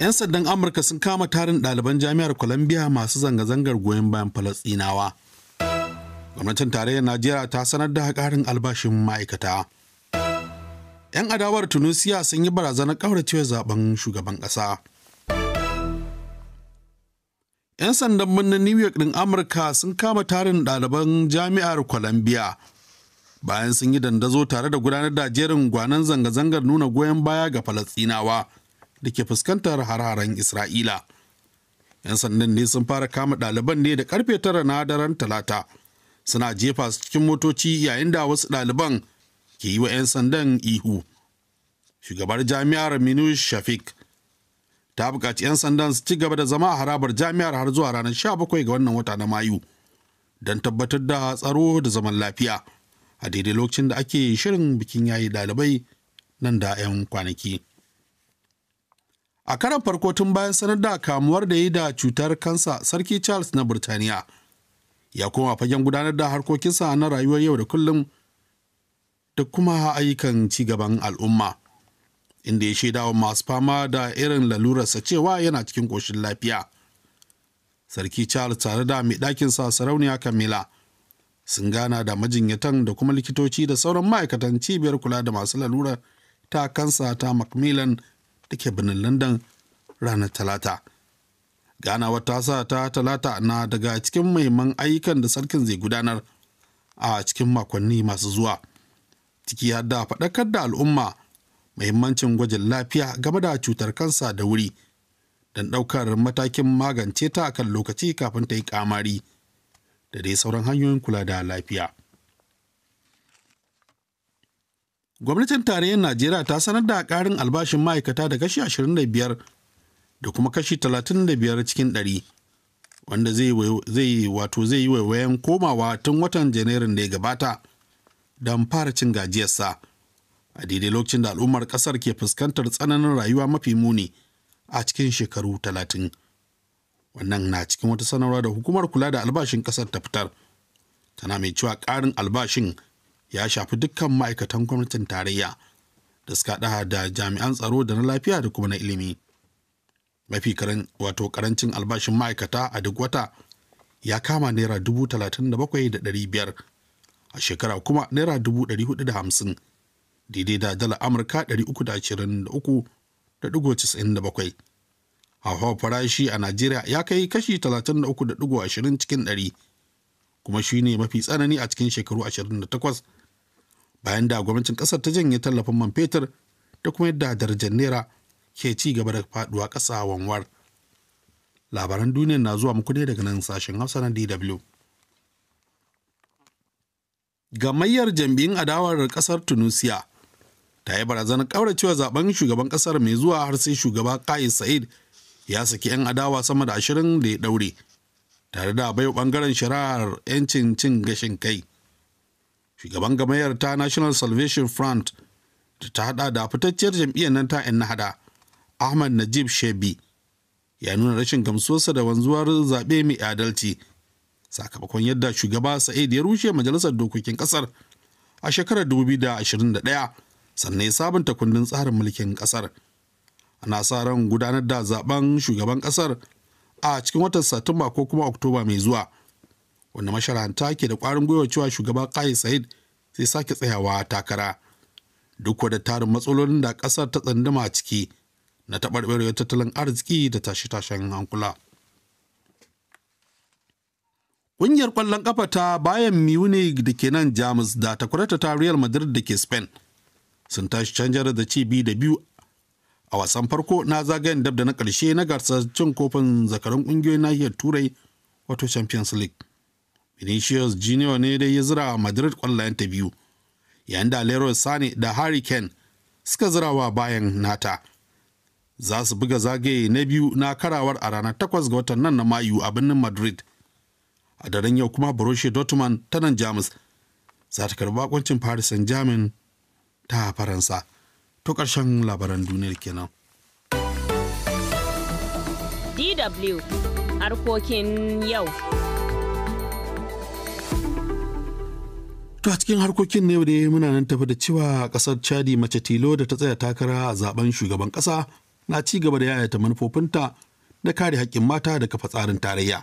'Yan sandan Amurka sun kama tarin ɗaliban jami'ar Columbia masu zanga-zangar goyon bayan falastinawa Gwamnatin tarayyar Najeriya ta sanar da ƙarin albashin ma'aikata. 'Yan adawar tunisiya sun yi barazanar ƙauracewa zaben shugaban ƙasa. 'Yan sandan birnin New York ɗin Amurka sun kama tarin ɗaliban jami'ar Columbia bayan sun yi dandazo tare da gudanar da jerin gwanan zanga-zangar nuna goyon baya ga Falasɗinawa. da ke fuskantar hararen Isra'ila. 'Yan sandan ne sun fara kama ɗaliban ne da karfe tara na daren talata. Suna jefa su cikin motoci yayin da wasu ɗaliban ke yi wa 'yan sandan ihu. Shugabar jami'ar Minu Shafik ta buƙaci 'yan sandan su ci gaba da zama a harabar jami'ar har zuwa ranar bakwai ga wannan wata na Mayu don tabbatar da tsaro da zaman lafiya a daidai lokacin da ake shirin bikin yayi ɗalibai nan da 'yan kwanaki. a karan farko tun bayan sanar da kamuwar da yi da cutar kansa sarki charles na burtaniya ya koma fagen gudanar da harkokinsa na rayuwar yau da kullum da kuma ayyukan cigaban al'umma inda ya shaida wa masu fama da irin lalurarsa cewa yana cikin ƙoshin lafiya sarki charles tare da mai ɗakinsa sarauniya kamila sun gana da majinyatan da kuma likitoci da sauran ma'aikatan cibiyar kula da masu lalura ta kansa ta macmillan da ke birnin london ranar talata ganawar ta sa ta talata na daga cikin maiman ayyukan da sarkin zai gudanar a cikin makonni masu zuwa ciki har da faɗakar da al'umma mahimmancin gwajin lafiya game da cutar kansa da wuri don ɗaukar matakin magance ta kan lokaci kafin ta yi kamari da dai sauran hanyoyin kula da lafiya. gwamnatin tarayyar najeriya ta sanar da karin albashin ma'aikata da kashi 25 da kuma kashi 35 cikin 100 wanda zai yi waiwayen komawa tun watan janairun da ya gabata don fara cin gajiyarsa a daidai lokacin da al'ummar kasar ke fuskantar tsananin rayuwa mafi muni a cikin shekaru 30 wannan na cikin wata sanarwa da hukumar kula da albashin kasar ta fitar tana mai cewa karin albashin ya shafi dukkan ma'aikatan gwamnatin tarayya da suka da da jami'an tsaro da na lafiya da kuma na ilimi mafi karan wato karancin albashin ma'aikata a duk wata ya kama naira dubu talatin da bakwai da ɗari biyar a shekara kuma naira dubu ɗari hudu da hamsin daidai da dala amurka ɗari uku da ashirin da uku da ɗigo casa'in da bakwai hauhawar farashi a najeriya ya kai kashi talatin da uku da ɗigo ashirin cikin ɗari kuma shi ne mafi tsanani a cikin shekaru ashirin da takwas bayan da gwamnatin kasar ta janye tallafin man fetur da kuma yadda darajar naira ke ci gaba da faduwa ƙasa wanwar labaran duniya na zuwa muku ne daga nan sashen hausa na dw gamayyar jam'iyyun adawar kasar tunisia ta yi barazanar ƙauracewa zaben shugaban kasar mai zuwa har sai shugaba kais sa'id ya saki 'yan adawa sama da ashirin da ya daure tare da baiwa bangaren shari'ar 'yancin cin gashin kai shugaban gamayar ta national salvation front da ta hada da fitacciyar jam'iyyar nan ta na hada ahmad najib shebi ya nuna rashin gamsuwarsa da wanzuwar zaɓe mai adalci sakamakon yadda shugaba sa'id ya rushe majalisar dokokin ƙasar a shekarar 2021 sannan ya sabunta kundin tsarin mulkin ƙasar ana sa ran gudanar da zaben shugaban ƙasar a cikin watan satumba ko kuma oktoba mai zuwa wanda masharanta ke da ƙwarin gwiwa cewa shugaba Kayi said sai sake tsayawa takara duk da tarin matsalolin da kasar ta tsandama ciki na taɓarɓarewar tattalin arziki da tashe-tashen hankula. Ƙungiyar ƙwallon ƙafa ta bayan Munich da ke nan Jamus da takwarata ta Real Madrid da ke Spain sun tashi canjar da ci bi da biyu a wasan farko na zagayen dab da na ƙarshe na gasar cin kofin zakarun ƙungiyoyin nahiyar Turai wato Champions League. vinicius junior ne dai ya zira madrid kwallayen ta biyu yayin da leroy sane da harry kane suka wa bayan nata za su buga zagaye na biyu na karawar a ranar 8 ga watan nan na mayu a birnin madrid a daren yau kuma borussia dortmund ta nan jamus za ta karbi bakoncin paris saint germain ta faransa to ƙarshen labaran duniyar kenan dw harkokin yau To a cikin harkokin na yau muna nan tafi da cewa ƙasar Chadi mace tilo da ta tsaya takara a zaben shugaban ƙasa na ci gaba da yayata manufofinta da kare haƙƙin mata da kafa tsarin tarayya.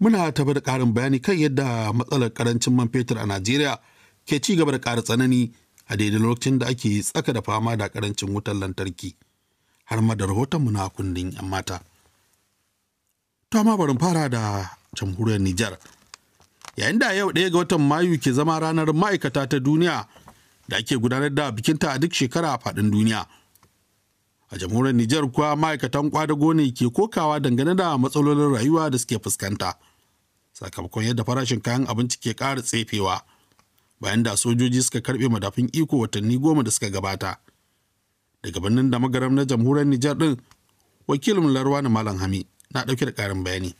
Muna tafi da ƙarin bayani kan yadda matsalar ƙarancin man fetur a Najeriya ke ci gaba da ƙara tsanani a daidai lokacin da ake tsaka da fama da ƙarancin wutar lantarki har ma da rahotonmu na kundin 'yan mata. To amma bari fara da jamhuriyar Nijar. yayin da yau ɗaya ga watan mayu ke zama ranar ma'aikata ta duniya da ake gudanar da bikinta a duk shekara a faɗin duniya a jamhuriyar Nijar kuwa ma'aikatan kwadago ne ke kokawa dangane da matsalolin rayuwa da suke fuskanta sakamakon yadda farashin kayan abinci ke ƙara tsefewa bayan da sojoji suka karɓe madafin iko watanni goma da suka gabata daga birnin da magaram na jamhuriyar Nijar ɗin wakilin larwa na malam hami na ɗauke da ƙarin bayani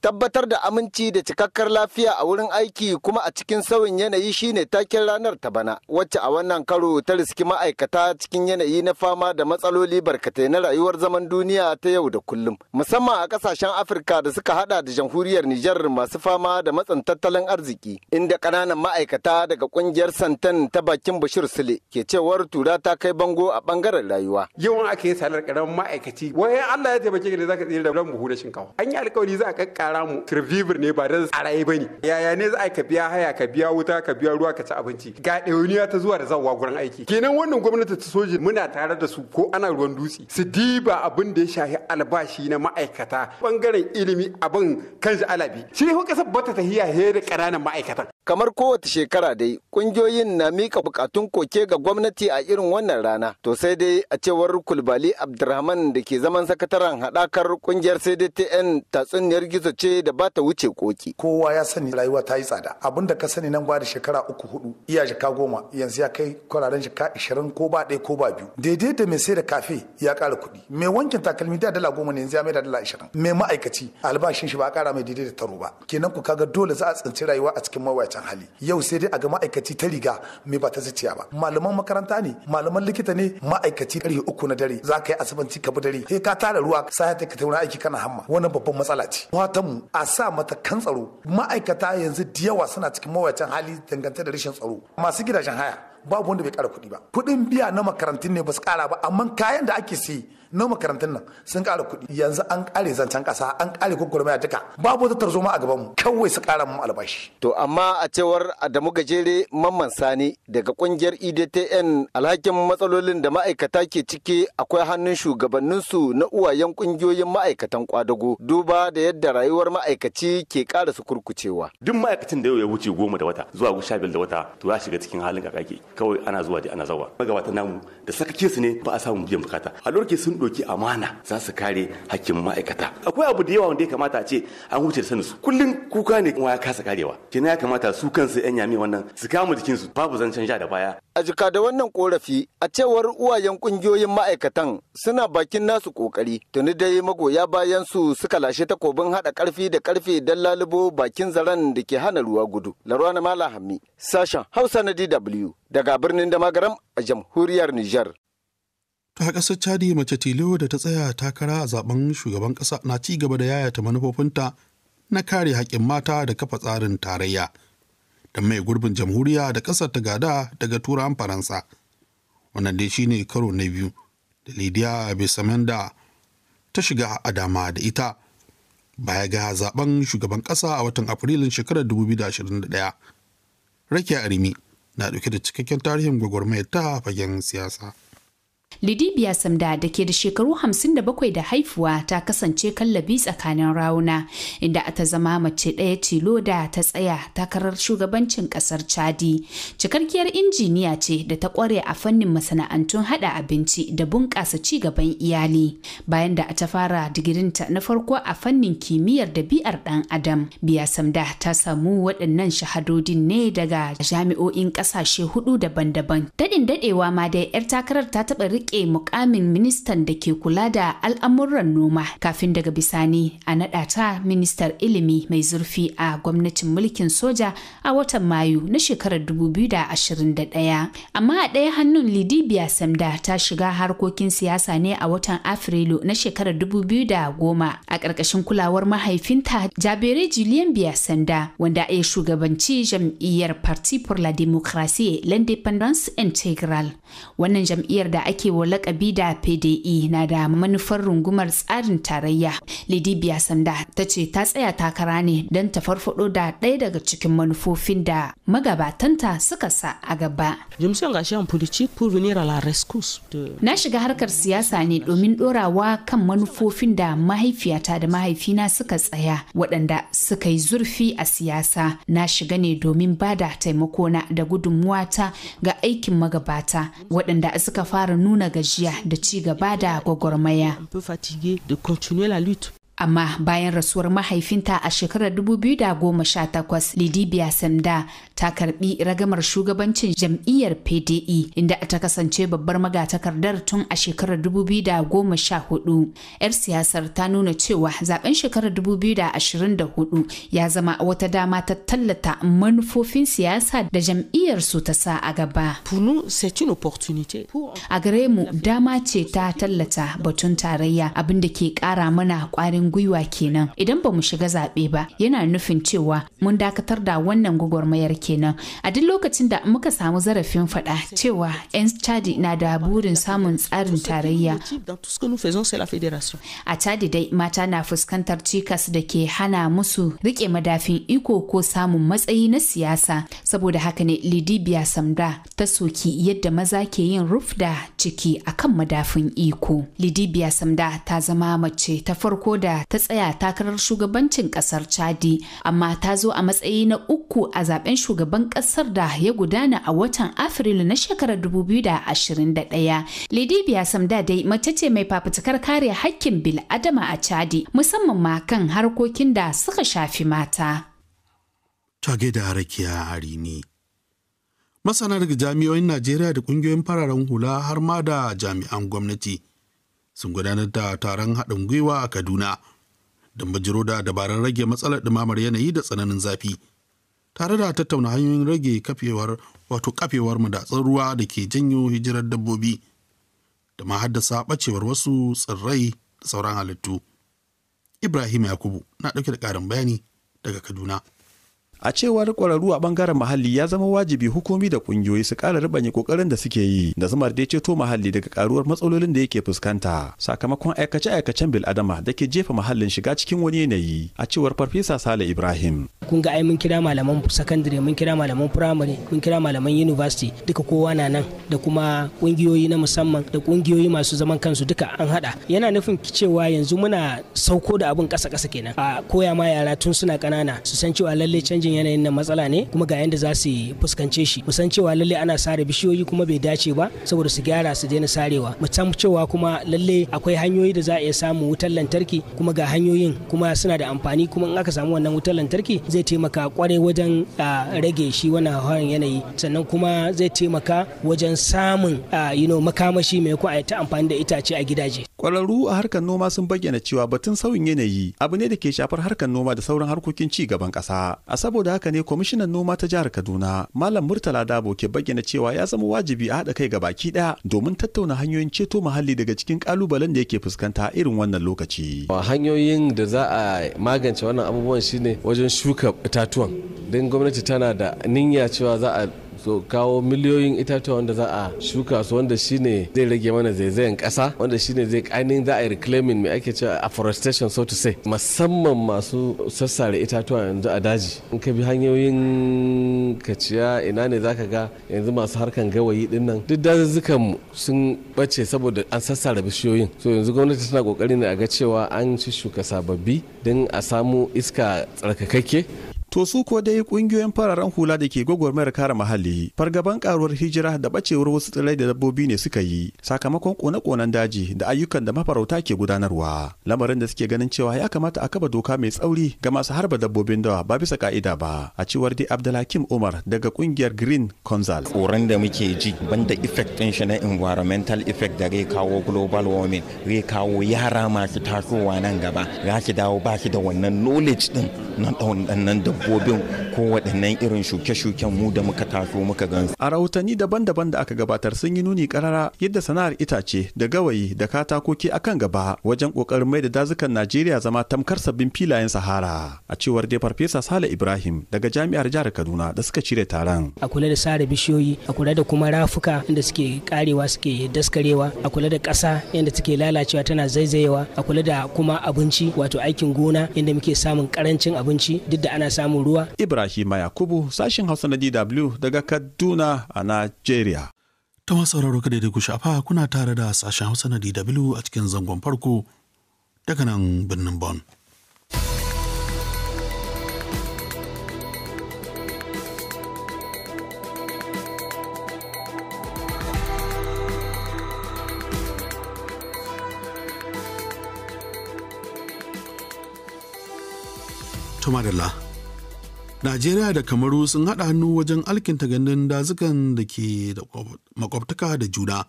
tabbatar da aminci da cikakkar lafiya a wurin aiki kuma a cikin sauyin yanayi shine takin ranar ta bana wacce a wannan karo ta riski ma'aikata cikin yanayi na fama da matsaloli barkatai na rayuwar zaman duniya ta yau da kullum musamman a kasashen afirka da suka hada da jamhuriyar nijar masu fama da matsan tattalin arziki inda kananan ma'aikata daga kungiyar santan ta bakin bashir sule ke cewar tura ta kai bango a bangaren rayuwa yawan ake salar karamin ma'aikaci wai allah ya taimake ka da zaka tsira da buhu da shinkafa an yi alkawari za a kara mu survivor ne ba da ba bane yaya ne za ka biya haya ka biya wuta ka biya ruwa ka ci abinci ga dauniya ta zuwa da zawa gurin aiki kenan wannan gwamnati ta soji muna tare da su ko ana ruwan dutse su diba abin da ya shafi albashi na ma'aikata bangaren ilimi abin kanshi alabi shi ne ba bata tahiya he da ƙananan ma'aikatan kamar kowace shekara dai kungiyoyin na mika bukatun koke ga gwamnati a irin wannan rana to sai dai a cewar kulbali abdurrahman da ke zaman sakataren haɗakar kungiyar cdtn tatsuniyar gizo manufarsa ce da ba ta wuce koki. Kowa ya sani rayuwa ta yi tsada. Abin da ka sani nan ba da shekara uku hudu iya jaka goma yanzu ya kai kwararen jaka ashirin ko ba ɗaya ko ba biyu. Daidai da mai sai da kafe ya ƙara kuɗi. Mai wankin takalmi da dala goma ne yanzu ya mai da dala ishirin Mai ma'aikaci albashin shi ba a ƙara mai daidai da taro ba. Kenan ku kaga dole za a tsinci rayuwa a cikin mawayacin hali. Yau sai dai a ga ma'aikaci ta riga mai ba ta zuciya ba. Malaman makaranta ne, malaman likita ne, ma'aikaci ƙarfe uku na dare za ka yi asibanci ka bi dare. Sai ka tara ruwa sai ka tauna aiki kana hamma. Wannan babban matsala ce. mu a sa mata kan tsaro ma'aikata yanzu da yawa suna cikin mawuyacin hali dangantar da rashin tsaro masu gidajen haya babu wanda bai kara kuɗi ba kuɗin biya na makarantun ne ba su kara ba amma kayan da ake siye na makarantun nan sun kara kuɗi yanzu an kare zancen ƙasa an kare gwagwarmaya duka babu wata tarzoma a gabanmu kawai su kara mu albashi. to amma a cewar adamu gajere mamman sani daga kungiyar edtn alhakin matsalolin da ma'aikata ke ciki akwai hannun shugabanninsu na uwayen kungiyoyin ma'aikatan kwadago duba da yadda rayuwar ma'aikaci ke kara su kurkucewa. duk ma'aikacin da yau ya wuce goma da wata zuwa sha biyar da wata to ya shiga cikin halin kakaki kawai ana zuwa da ana zawa magabata namu da sakace su ne ba a samu biyan bukata a sun doki amana za su kare hakkin ma'aikata akwai abu da yawa wanda ya kamata a ce an huce da sanin su kullum kuka ne kuma ya kasa karewa kina ya kamata su kansu yan yami wannan su kama jikin su babu zancen ja da baya a jika da wannan korafi a cewar uwayen kungiyoyin ma'aikatan suna bakin nasu kokari tuni dai magoya bayan su suka lashe takobin hada karfi da karfe don lalubo bakin zaren da ke hana ruwa gudu larwana mala sashen hausa na dw daga birnin Damagaram a jamhuriyar Nijar. ta ƙasar chadi mace tilo da ta tsaya takara a zaben shugaban ƙasa na ci gaba da yayata manufofinta na kare haƙƙin mata da kafa tsarin tarayya da mai gurbin jamhuriya da ƙasar ta gada daga turan faransa wannan dai shine karo na biyu da lidiya bisamanda ta shiga a dama da ita baya ga zaben shugaban ƙasa a watan afrilun shekarar 2021 rakiya arimi na ɗauke da cikakken tarihin gwagwarmayar ta fagen siyasa. Lidibia Samda da ke da shekaru 57 da haifuwa ta kasance kallabi tsakanin rawuna inda ta zama mace ɗaya tilo da ta tsaya takarar shugabancin ƙasar Chadi. Cikakkiyar injiniya ce da ta ƙware a fannin masana'antun haɗa abinci da bunƙasa ci gaban iyali. Bayan da ta fara digirinta na farko a fannin kimiyyar dabi'ar ɗan Adam, Biya Samda ta samu waɗannan shahadodin ne daga jami'o'in ƙasashe hudu daban-daban. Daɗin daɗewa ma dai 'yar takarar ta taɓa rike mukamin ministan da ke kula da al'amuran noma kafin daga bisani a naɗa ta ministar ilimi mai zurfi a gwamnatin mulkin soja a watan Mayu na shekarar 2021. Amma a ɗaya hannun Lidibia Samda ta shiga harkokin siyasa ne a watan Afrilu na shekarar 2010 a ƙarƙashin kulawar mahaifinta Jabere Julien Biya Sanda wanda ya shugabanci jam'iyyar Parti pour la Democratie l'Independence Integral. Wannan jam'iyyar da ake ake lakabi da PDE na da manufar rungumar tsarin tarayya. Lidibia Sanda ta ce ta tsaya takara ne don ta farfado da ɗaya daga cikin manufofin da magabatanta suka sa a gaba. Na shiga harkar siyasa ne domin ɗorawa kan manufofin da mahaifiyata da mahaifina suka tsaya waɗanda suka yi zurfi a siyasa. Na shiga ne domin ba da taimakona da gudunmuwata ga aikin magabata waɗanda suka fara nuna nuna gajiya da ci gaba da gwagwarmaya. amma bayan rasuwar mahaifinta a shekarar 2018 lidibia sanda ta karbi ragamar shugabancin jam'iyyar pde inda ta kasance babbar magatakardar tun a shekarar 2014 yar siyasar ta nuna cewa zaben shekarar 2024 ya zama wata dama ta tallata manufofin siyasa da jam'iyyar su ta sa a gaba a gare mu dama ce ta tallata batun tarayya abinda ke kara mana kwarin gwiwa kenan idan ba mu shiga zaɓe ba yana nufin cewa mun dakatar da wannan gwagwarmayar kenan a duk lokacin da muka samu zarafin faɗa cewa 'yan chadi na da burin samun tsarin tarayya a chadi dai mata na fuskantar cikas da ke hana musu rike madafin iko ko samun matsayi na siyasa saboda haka ne lidibia samda ta soki yadda maza ke yin rufda ciki akan madafin iko lidibia samda ta zama mace ta farko da ta tsaya takarar shugabancin kasar Chadi, amma ta zo a matsayi na uku a zaben shugaban kasar da ya gudana a watan Afrilu na shekarar 2021. Lidibia Samda dai mace ce mai fafutukar kare hakkin adama a Chadi, musamman ma kan harkokin da suka shafi mata. Tage da harakiya harini. Masana daga jami'o'in Najeriya da kungiyoyin fararen hula har ma da jami'an gwamnati sun gudanar da taron haɗin gwiwa a Kaduna don bajiro da dabarun rage matsalar ɗumamar yanayi da tsananin zafi. Tare da tattauna hanyoyin rage kafewar wato kafewar madatsar ruwa da ke janyo hijirar dabbobi da ma haddasa ɓacewar wasu tsirrai da sauran halittu. Ibrahim Yakubu na ɗauke da ƙarin bayani daga Kaduna. a cewar kwararru a bangaren muhalli ya zama wajibi hukumi da kungiyoyi su ƙara ribanye kokarin da suke yi da zumar dai ceto muhalli daga karuwar matsalolin da yake fuskanta sakamakon aikace-aikacen bil'adama da ke jefa muhallin shiga cikin wani yanayi a cewar farfesa sale ibrahim kun ga ai mun kira malaman sakandare mun kira malaman firamare mun kira malaman university duka kowa na nan da kuma kungiyoyi na musamman da kungiyoyi masu zaman kansu duka an hada yana nufin cewa yanzu muna sauko da abun kasa kasa kenan a koya ma yara tun suna kanana su san cewa lalle canjin yanayin nan matsala ne kuma ga yanda za su fuskance shi mu san cewa lalle ana sare bishiyoyi kuma bai dace ba saboda su gyara su daina sarewa mu san cewa kuma lalle akwai hanyoyi da za a iya samu wutar lantarki kuma ga hanyoyin kuma suna da amfani kuma in aka samu wannan wutar lantarki zai zai taimaka kwarai wajen rage shi wannan hauhawar yanayi sannan kuma zai taimaka wajen samun makamashi mai ko ta amfani da itace a gidaje Kwararru a harkar noma sun bayyana cewa batun sauyin yanayi abu ne da ke shafar harkar noma da sauran harkokin ci gaban ƙasa. A saboda haka ne kwamishinan noma ta jihar Kaduna, Malam Murtala Dabo ke bayyana cewa ya zama wajibi a haɗa kai ga baki ɗaya domin tattauna hanyoyin ceto muhalli daga cikin kalubalen da yake fuskanta irin wannan lokaci. Hanyoyin da za a magance wannan abubuwan shine wajen shuka itatuwan. Don gwamnati tana da niyya cewa za a so kawo miliyoyin itatuwa wanda za a shuka su wanda shine zai rage mana zaizayen kasa wanda shine zai kanin za a yi reclaiming mai ake cewa afforestation so to say musamman masu sassare itatuwa yanzu a daji in ka bi hanyoyin kaciya ina ne zaka ga yanzu masu harkan gawayi din nan duk dazuzzukan mu sun bace saboda an sassare bishiyoyin so yanzu gwamnati tana kokari ne a ga cewa an ci shuka sababbi don a samu iska tsarkakakke To su ko dai kungiyoyin fararen hula da ke gwagwarmayar kare muhalli, fargaban karuwar hijira da bacewar wasu tsirrai da dabbobi ne suka yi sakamakon kone-konen daji da ayyukan da mafarauta ke gudanarwa. Lamarin da suke ganin cewa ya kamata a kaba doka mai tsauri ga masu harba dabbobin dawa ba bisa ka'ida ba. A cewar dai Abdulhakim Umar daga kungiyar Green Consul. Tsoron da muke ji banda effect din shi na environmental effect da zai kawo global warming, zai kawo yara masu tasowa nan gaba, za shi dawo ba shi da wannan knowledge din na dabbobin ko waɗannan irin shuke-shuken mu da muka taso muka gan a rahotanni daban-daban da aka gabatar sun yi nuni karara yadda sana'ar itace da gawayi da katakoki akan gaba wajen kokarin mai da dazukan Najeriya zama tamkar sabbin filayen Sahara a cewar dai farfesa Sale Ibrahim daga Jami'ar Jihar Kaduna da suka cire taron a kula da sare bishiyoyi a kula da kuma rafuka inda suke karewa suke daskarewa a kula da ƙasa inda take lalacewa tana zaizayewa a kula da kuma abinci wato aikin gona inda muke samun karancin abinci duk da ana samun samun ruwa. Ibrahim Yakubu sashin Hausa na DW daga Kaduna a Najeriya. Ta masu sauraro kada da ku shafa kuna tare da sashen Hausa na DW a cikin zangon farko daga nan birnin Bon. Tumadala Najeriya da Kamaru sun haɗa hannu wajen alkinta gandun dazukan da ke da makwabtaka da juna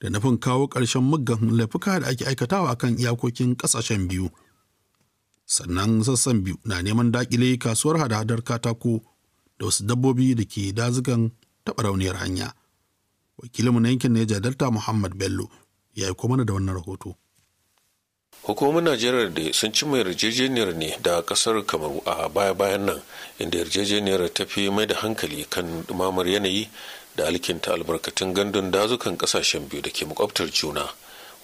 da nufin kawo ƙarshen muggan laifuka da ake aikatawa akan iyakokin ƙasashen biyu. Sannan sassan biyu na neman daƙile kasuwar hada-hadar katako da wasu dabbobi da ke dazukan taɓa rauniyar hanya. Wakilinmu na yankin Neja Delta Muhammad Bello ya yi mana da wannan rahoto. hukumomin najeriya da sun ci mai yarjejeniyar ne da kasar kamaru a baya-bayan nan inda yarjejeniyar ta fi mai da hankali kan dumamar yanayi da alkinta albarkatun gandun dazukan kasashen biyu da ke makwabtar juna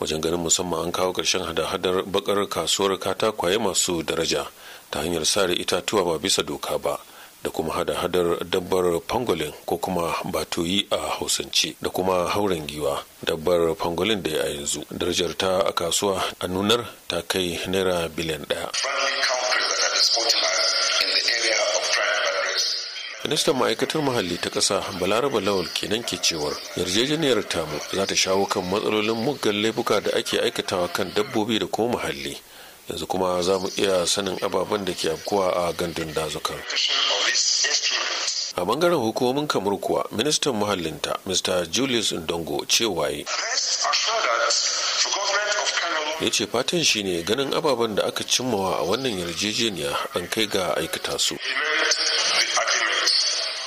wajen ganin musamman an kawo ƙarshen hada-hadar bakar kasuwar katakwaye masu daraja ta hanyar sare itatuwa ba bisa doka ba da kuma hada-hadar dabbar pangolin ko kuma batoyi a hausance da kuma hauren giwa dabbar pangolin da ya yanzu darajar ta a kasuwa a nunar ta kai naira biliyan daya ministan ma'aikatar muhalli ta ƙasa balaraba lawal kenan ke cewar yarjejeniyar tamu za ta shawo kan matsalolin muggan laifuka da ake aikatawa kan dabbobi da kuma muhalli yanzu kuma za mu iya sanin ababen da ke afkuwa a gandun dazukan a bangaren hukumomin kamar kuwa ministan muhallinta mr julius ndongo cewa ya ce fatan shine ganin ababen da aka cimmawa a wannan yarjejeniya an kai ga aikata su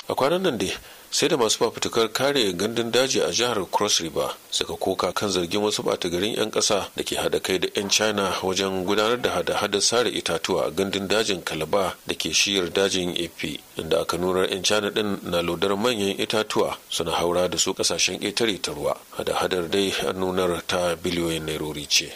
a kwanan nan dai sai da masu fafutukar kare gandun daji a jihar cross river suka koka kan zargin wasu bata garin 'yan kasa da ke hada kai da 'yan china wajen gudanar da hada-hada sare itatuwa a gandun dajin kalaba da ke shiyar dajin ap inda aka nuna 'yan china din na lodar manyan itatuwa suna haura da su kasashen ƙetare ta ruwa hada-hadar dai an nunar ta biliyoyin nairori ce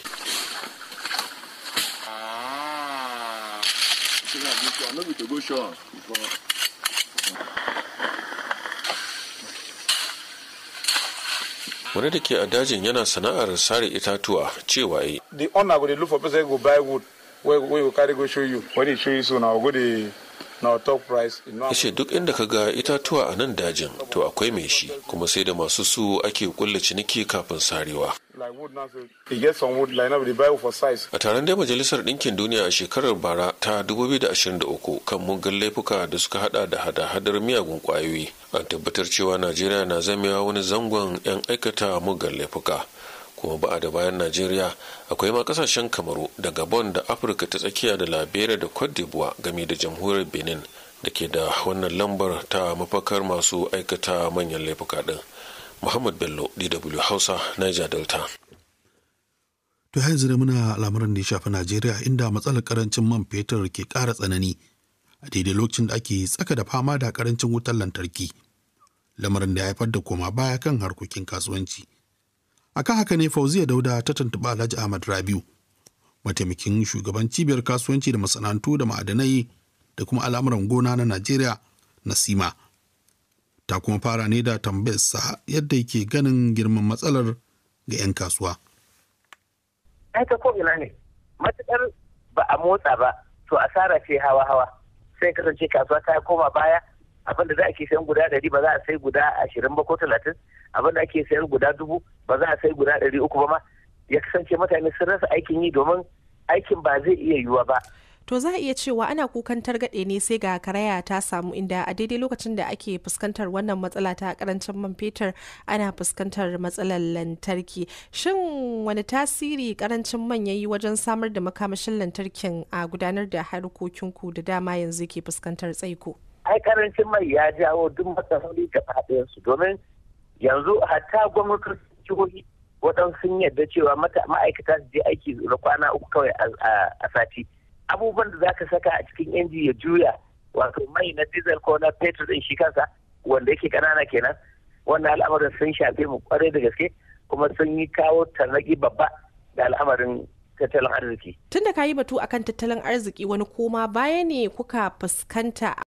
wani da ke a dajin yana sana'ar sare itatuwa cewa yi the owner go dey look for person go buy wood we go carry go show you when he show you so now go dey Ishe e duk inda ka ga itatuwa a nan dajin to akwai mai shi kuma sai da masu su ake kulle ciniki kafin sarewa A taron dai Majalisar Ɗinkin Duniya a shekarar bara ta 2023 kan muggan laifuka da suka hada da hada-hadar miyagun kwayoyi an tabbatar cewa Najeriya na zamewa wani zangon 'yan aikata muggan laifuka. kuma ba da bayan najeriya akwai ma kasashen kamaru da gabon da afirka ta tsakiya da liberia da cote d'ivoire game da jamhuriyar benin da ke da wannan lambar ta mafakar masu aikata manyan laifuka din muhammad bello dw hausa niger delta to yanzu da muna al'amuran da ya shafi najeriya inda matsalar karancin man fetur ke ƙara tsanani a daidai lokacin da ake tsaka da fama da karancin wutar lantarki lamarin da ya haifar da koma baya kan harkokin kasuwanci a kan haka ne fauziya dauda ta tuntuɓa alhaji ahmad rabiu mataimakin shugaban cibiyar kasuwanci da masana'antu da ma'adanai da kuma al'amuran gona na najeriya na sima ta kuma fara ne da tambayarsa yadda yake ganin girman matsalar ga 'yan kasuwa. Aika ta ko ina ne, matuƙar ba a motsa ba, to asara ce hawa-hawa. Sai kasance kasuwa ta koma baya, abin da za a ke sayan guda ɗari ba za a sai guda ashirin ba ko talatin, abin ake sayan guda dubu ba za a sai guda ɗari uku ba ma. Ya kasance mutane sun rasa aikin yi domin aikin ba zai iya yiwuwa ba. to za a iya cewa ana kukan targaɗe ne sai ga karaya ta samu inda a daidai lokacin da ake fuskantar wannan matsala ta karancin man fetur ana fuskantar matsalar lantarki shin wani tasiri karancin man yayi wajen samar da makamashin lantarkin a gudanar da harkokinku da dama yanzu ke fuskantar tsaiko ai karancin mai ya jawo duk matsaloli ga su domin yanzu hatta gwamnatin jihohi waɗansu sun yarda cewa ma'aikata su je aiki na kwana uku kawai a sati abubuwan da za ka saka a cikin inji ya juya wato mai na diesel ko na petrol din shi kansa wanda yake kanana kenan wannan al'amarin sun shafe mu kwarai da gaske kuma sun yi kawo tarnaki babba da al'amarin tattalin arziki. tunda kayi ka yi batu akan tattalin arziki wani koma baya ne kuka fuskanta a